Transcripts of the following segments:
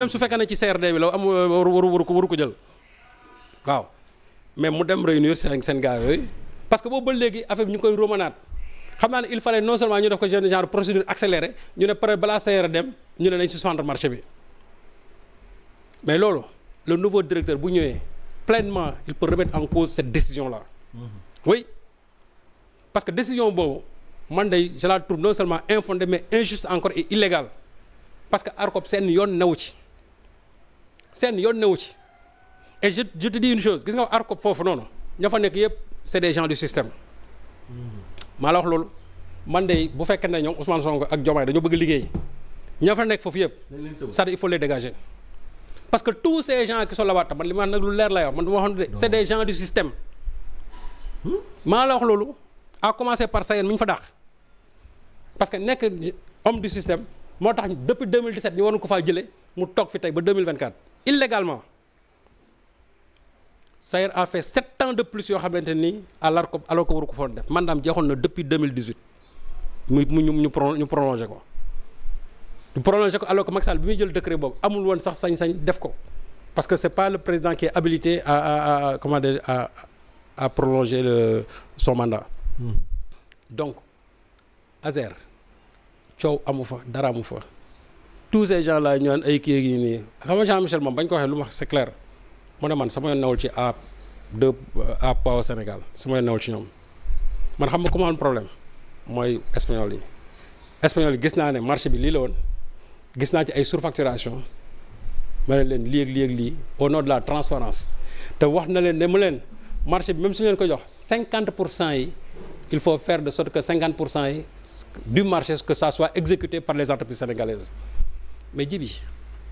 même su fekkee ne ci CRD bi la am waru waru ko waru ko jël waaw mais mu dem réunir seen seen gars parce que boobu ba léegi affaire bi ñu koy romanaat xam naa ne il fallait non seulement ñu def ko genre genre procédure accélérée ñu ne pare balaa CRD dem ñu ne nañ suspendre marché bi mais loolu le nouveau directeur bu ñëwee pleinement il peut remettre en cause cette décision la mm-hmm. oui parce que décision boobu man day je la trouve non seulement infondée mais injuste encore et illégale parce que ARCOP seen yoon newu ci. seen yoon newu ci et je je te dis une chose gis nga foofu noonu ña fa nekk yëpp c'est des gens du système maa la wax loolu man de bu fekkee ne ñoom Ousmane Sonko ak Diomaye dañoo bëgg liggéey ña fa nekk foofu yëpp c'est-à-dire il faut les dégager parce que tous ces gens qui sont là-bas li ma nag lu leer la yow man du ma wax c'est des gens du système hmm? maa la wax loolu a commencer par Sayane mi ñu fa dàq parce que nekk homme du système moo tax depuis 2017 ñu waroon ko faa jëlee mu toog fi tey ba illégalement Sayer a fait sept ans de plus yoo xamante ni alors que alors que waru ko foon def mandaam jeexoon na depuis 2018 muy mu ñu ñu ñu prolongé ko ñu prolongé ko alors que Macky bi muy jël décret boobu amul woon sax sañ-sañ def ko parce que c'est pas le président qui est habilité à à à comment dire à à prolonger le son mandat. Mm-hmm. donc Azer coow amu fa dara amu fa. tous ces gens là ay kii yi nii xam nga Jean Michel moom bañ ko waxee lu ma wax c'est clair mu ne man sama yoon nawul ci app de app Power Sénégal sama yoon nawul ci ñoom man xam nga ku ma am problème mooy espagnol yi espagnol yi gis naa ne marché bi lii la woon gis naa ci ay surfacturation ma ne leen lii ak lii ak lii au nom de la transparence te wax na leen de mu leen marché bi même su leen ko jox cinquante pour cent yi il faut faire de sorte que cinquante pour cent yi du marché que ça par les entreprises sénégalaises mais jibi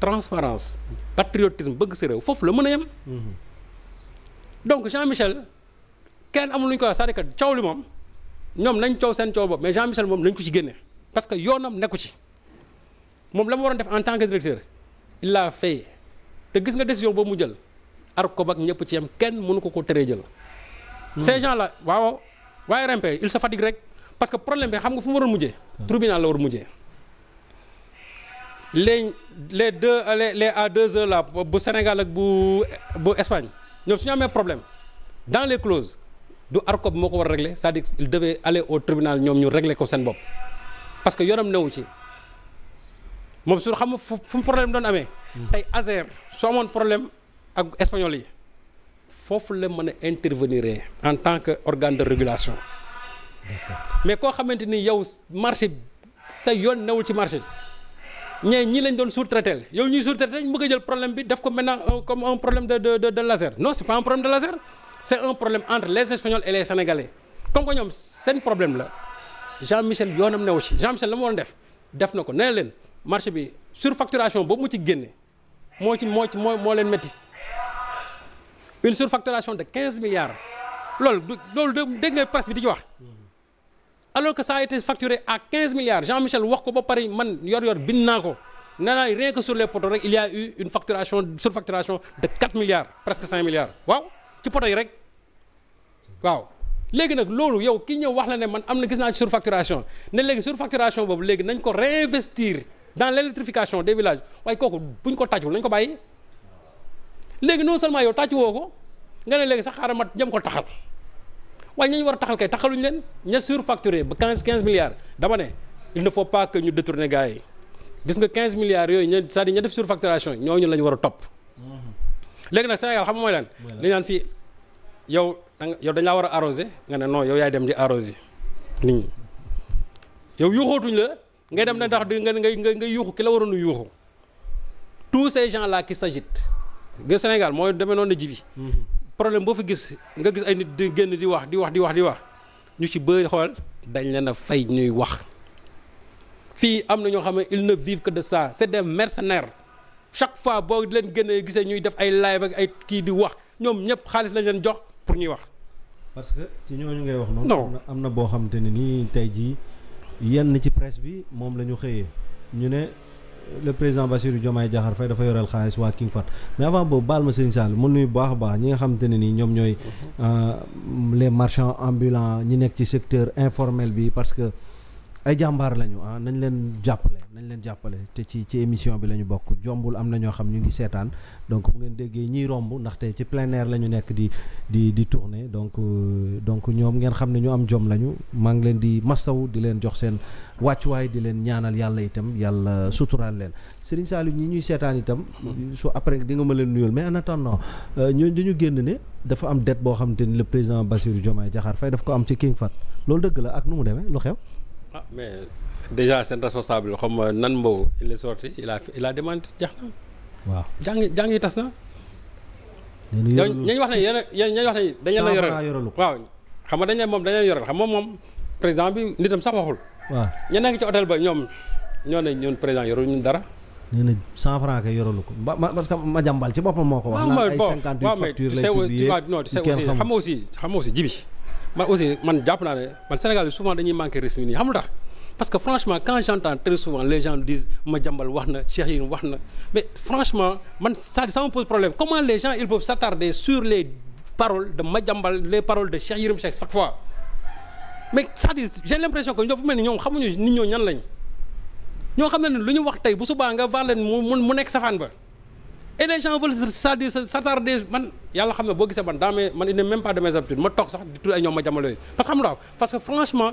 transparence patriotisme bëgg sa réew foofu la mën a yem donc Jean Michel kenn amul lu ñu ko wax cest coow li moom ñoom nañ coow seen coow bopp mais Jean Michel moom lañ ko ci génne parce que yoonam nekku ci moom la mu waroon def en tant que directeur il l'a fait te gis nga décision boobu mu jël ar ko bak ñëpp ci yem kenn mënu ko ko teree jël ces gens là waaw waaye rempe il se fatigue rek parce que problème bi xam nga fu mu waroon mujjee ah. tribunal la war mujjee les les deux les les à deux heures là bu Sénégal ak bu bu Espagne ñoom su ñu amee problème dans les clauses du ARCOP moo ko war a régler cest à il devait aller au tribunal ñoom ñu regle ko seen bopp parce que yoonam newu ci moom su xam fu mu problème doon amee. Hmm. tey Azer su amoon problème ak espagnol yi foofu la mën a intervenir en tant que organe de régulation. mais koo xamante ni yow marché sa yoon newul ci marché. ñee ñii lañ doon sous-traité yow ñuy sous-traité ñu jël problème bi def ko maintenant euh, comme un problème de de de laser non c'est pas un problème de laser c'est un problème entre les espagnols et les sénégalais comme que ñoom seen problème la Jean Michel yoonam newu ci Jean Michel la mu waroon def def na ko nee leen marché bi surfacturation boobu mu ci génne moo ci moo moo moo leen métti une surfacturation de quinze milliards loolu du loolu dégg nga presse bi di ci wax. alors que ça a été facturé à 15 milliards Jean-Michel wax ko ba pare man yor-yor bind naa ko nee naa rien que sur les poteaux rek il y a eu une facturation surfacturation de 4 milliards presque 5 milliards waaw ci poteaux yi rek waaw. léegi nag loolu yow ki ñëw wax la ne man am na gis naa ci surfacturation ne léegi surfacturation boobu léegi nañ ko réinvestir dans l'électrification des villages waaye kooku buñ ko tàccul nañ ko bàyyi léegi non seulement yow tàcc woo ko nga ne léegi sax xaaral jëm ko taxal. waaye ña ñu war a taxal kay taxaluñ leen ña surfacturé ba 15 15 milliards dama ne il ne faut pas que ñu détourner gars yi gis nga 15 milliards yooyu ña c'est-à-dire ña def surfacturation ñooñu la ñu war a topp. Mm-hmm. léegi nag Sénégal xam nga mooy lan. dañu naan fii yow yow dañ laa war a arrosé nga ne non yow yaay dem di arrosé nit ñi yow yuuxootuñ la ngay dem ne ndax di nga ngay nga yuuxu ki la waroon a yuuxu tous ces gens là qui s'agitent. nga Sénégal mooy demee noonu na jibi mm-hmm. problème boo fa gis nga gis ay nit di génn di wax di wax di wax di wax ñu ci bëri xool dañ leen a fay ñuy wax fii am na ñoo xam ne ils ne vivent que de ça c'est des mercenaires chaque fois boo leen génnee gisee ñuy def ay live ak ay kii di wax ñoom ñëpp xaalis lañ leen jox pour ñuy wax. parce que ci ñoo ñu ngay wax noonu. non am na boo xamante ne nii tey jii yenn ci presse bi moom lañu xëyee ñu ne. le président Bassirou Diomaye Diakhar Faye dafa yoreel xaalis waa King Fat boobu baal ma Serigne Sall mu nuyu baax a baax ñi nga xamante ne nii ñoom ñooy euh, les marchands ambulants ñi nekk ci secteur informel bi parce que ay jàmbaar lañu ah nañ leen jàppale nañ leen jàppale te ci ci émission bi la ñu bokk jombul am na ñoo xam ñu ngi seetaan donc bu ngeen déggee ñiy romb ndaxte ci plein air la ñu nekk di di di tourner donc euh, donc ñoom ngeen xam ne ñu am jom lañu maa ngi leen di massaw di leen jox seen waaye di leen ñaanal yàlla itam yàlla suturaal leen Serigne Saliou ñi ñuy seetaan itam. su après di nga ma leen nuyul mais en attendant euh, ñooñu dañu génn ne dafa am dette boo xamante ni le président Bassirou Diomaye Diakhar Faye ko am ci King Fahd loolu dëgg la ak nu mu demee lu ah mais déjà seen responsable xam nga nan mboo il est sorti il a il a demandé jax na. waaw jàng jàng yi tas na. ñañ wax ne yéen wax ne dañu la yorelu waaw xam nga dañ moom dañu la yorel xam moom moom président bi nitam sax waxul. waa ña nekk ci hôtel ba ñoom ñoo ne ñun président yorul ñun dara. nee na cent franc kay yoralu ko ba parce que ma jàmbal ci boppam moo ko wax. naan ay cinquante huit factures lay xam aussi xam jibi man aussi man jàpp naa ne man Sénégal bi souvent dañuy manqué risque nii xam lu tax parce que franchement quand j'entends très souvent les gens disent ma jàmbal wax na Cheikh Yérim wax na mais franchement man ça ça me pose problème comment les gens ils peuvent s'attarder sur les paroles de ma jàmbal le paroles de Cheikh Yérim Seck chaque fois mais c'est-à-dire j'ai l'impression que ñoo fu mel ni ñoom xamuñu nit ñoo ñan lañ ñoo xam ne lu ñu wax tey bu subaa nga var leen mu mu nekk safaan ba et les gens veulent cest à man yàlla xam ne boo gisee man dans mes man il n'est même pas de mes habitudes ma toog sax di tudd ay ñoom ma jamono yooyu parce que xam nga parce que franchement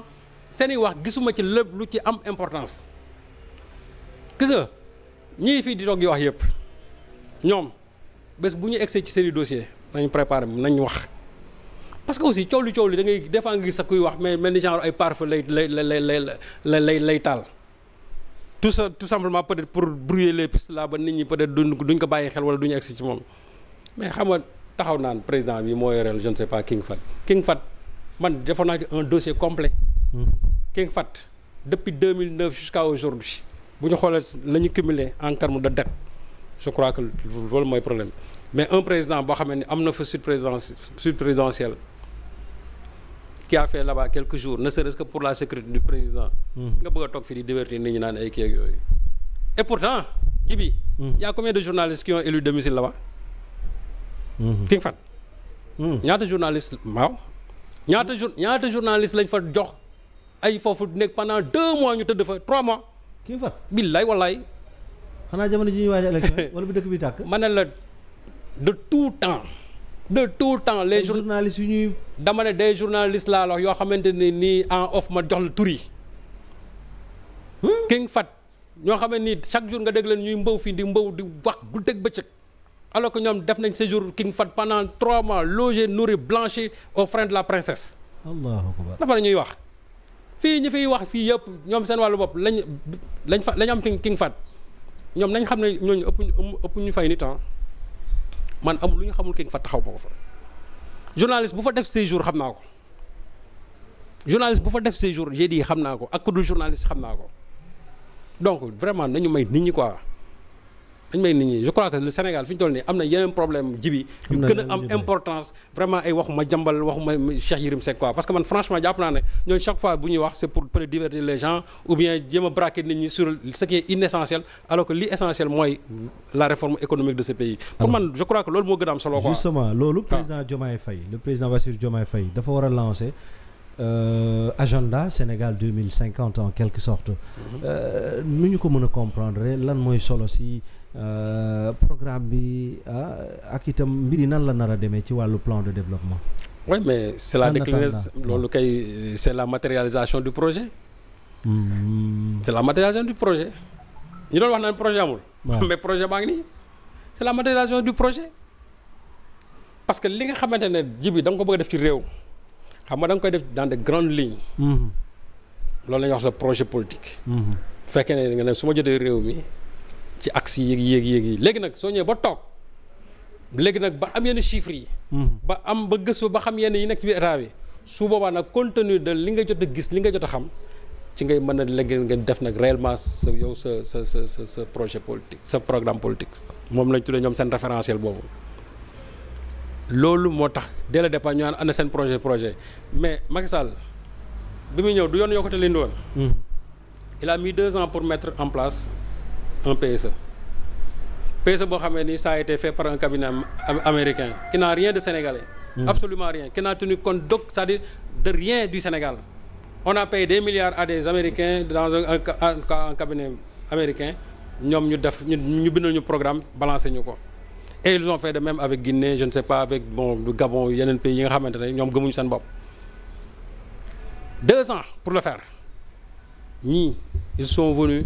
seeni wax gisuma ci lépp lu ci am importance gis nga ñii fii di toog yi wax yëpp ñoom bés bu ñu egsee ci seeni dossier nañ préparé nañ wax parce que aussi coow li coow li da ngay des fois nga gis sax kuy wax mais mel ni genre ay pare-feu lay lay lay lay lay lay taal tout ça tout simplement peut-être pour brouiller les pistes là ba nit ñi peut-être duñ ko bàyyi xel wala duñu egsi mais xam nga taxaw naan président bi moo yoreel je ne sais pas King Fat King Fat man defoon naa ci un dossier complet hmm. King Fat depuis 2009 jusqu'à aujourd'hui bu ñu xoolee la ñu cumulé en termes de dette je crois que loolu mooy problème mais un président boo xamee ni am na fa suite présidentielle qui a fait là-bas quelques jours ne serait-ce que pour la sécurité du président. Mm-hmm. nga bëgg toog fii di divertir nit ñi naan ay kii yooyu. et pourtant Jibi. Mm-hmm. y' a combien de journalistes qui ont élu domicile là-bas. Mm-hmm. King Fat. ñaata journaliste waaw. ñaata jour ñaata journaliste lañ fa jox ay foofu nekk pendant deux mois ñu tëdd fa trois mois. King Fat billaay wallaay. xanaa jamono ji ñuy waaj élection wala bu dëkk bi tàkk. ma de tout temps les journalistes yu ñuy dama ne des journalistes laa la wax yoo xamante ne nii en off ma jox la tur yi hmm? King Fat ñoo xam ne nii chaque jour nga dégg leen ñuy mbaw fii di mbaw di wax guddeeg bëccëg alors ko ñoom def nañ séjour King Fat pendant trois mois logé nourri blanchi aux frais de la princesse. allahu akbar dafa la ñuy wax. fii ñu fiy wax fii yëpp ñoom seen wàllu bopp lañ lañ fa lañ am fi King Fat ñoom nañ xam ne ñooñu ëpp ëpp ñu fay ni nit ah. man amul lu ñu xamul ki nga fa taxaw ma ko fa journaliste bu fa def séjour xam naa ko journaliste bu fa def séjour j'ai dit xam naa ko ak ku dul xam naa ko donc vraiment nañu may nit ñi quoi dañ may nit ñi je crois que le Sénégal fi ñu toll nii am na yeneen problème jibi yu gën a am importance vraiment ay waxuma jambal waxuma Cheikh Yérim Seck quoi parce que man franchement jàpp naa ne ñooñu chaque fois bu ñuy wax c'est pour peut-être divertir les gens ou bien jéem a braquer nit ñi sur ce qui est inessentiel alors que li essentiel mooy la réforme économique de ce pays pour man je crois que loolu moo gën a am solo quoi justement loolu président Diomaye Faye le a Euh, agenda Sénégal 2050 en quelque sorte euh, nu ñu ko mën a comprendre lan mooy solo si euh, programme bi ah, ak itam mbir yi nan la nar a demee ci wàllu plan de développement oui mais c'est la loolu kay la matérialisation du projet mmh. c'est la matérialisation du projet ñu doon wax naan projet amul mais projet baa ngi nii c'est la matérialisation du projet parce que li nga xamante ne jibi da nga ko bëgg a def ci réew xam nga da koy def dans de grandes lignes. Mm-hmm. loolu la wax sa projet politique. Mm-hmm. bu fekkee ne nga ne su ma jotee réew mi ci axe yi yéeg yéeg yi léegi nag soo ñëwee ba toog léegi nag ba am yenn chiffres yi. Mm-hmm. ba am ba gëstu ba xam yenn yi nekk ci biir état su boobaa nag compte de li nga jot a gis li nga jot a xam. ci ngay mën a léegi ngeen def nag réellement sa yow sa sa sa sa projet politique sa programme politique moom lañ tuddee ñoom seen référentiel boobu loolu moo tax dès le départ ñu naan ana seen projet projet mais Macky Sall bi muy ñëw du yoon yokkute li ñu woon. il a mis deux ans pour mettre en place un PSE. PSE boo xamee ni saa a été fait par un cabinet américain qui n'a rien de sénégalais. Mmh. absolument rien qui n'a tenu compte donc c'est-à-dire de rien du Sénégal. on a payé des milliards à des américains dans un un, un cabinet américain ñoom ñu def ñu bindal ñu programme balancé ñu ko. et ils ont fait de même avec Guinée je ne sais pas avec bon Gabon yeneen pays yi nga xamante ne ñoom gëmuñu seen bopp deux ans pour le faire ñii ils sont venus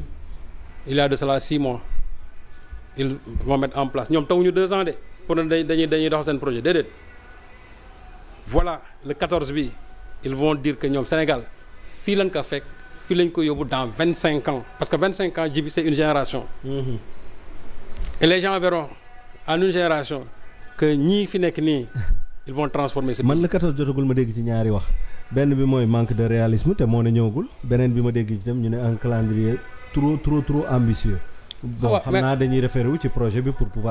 il y a de cela six mois ils vont mettre en place ñoom tawuñu deux ans de pour ne dañuy dañuy dox seen projet déedéet voilà le 14 bi ils vont dire que ñoom Sénégal fii lañ ko fekk fii lañ ko yóbbu dans vingt cinq ans parce que vingt cinq ans jibi c'est une génération mm les gens verront en une génération que ñii fi nekk nii ils vont transformer ce man la 14 jotagul ma dégg ci ñaari wax benn bi mooy manque de réalisme te moo ne ñëwagul beneen bi ma dégg ci tam ñu ne un calendrier trop trop trop ambitieux bon ah xam naa dañuy référé ci projet bi pour pouvoir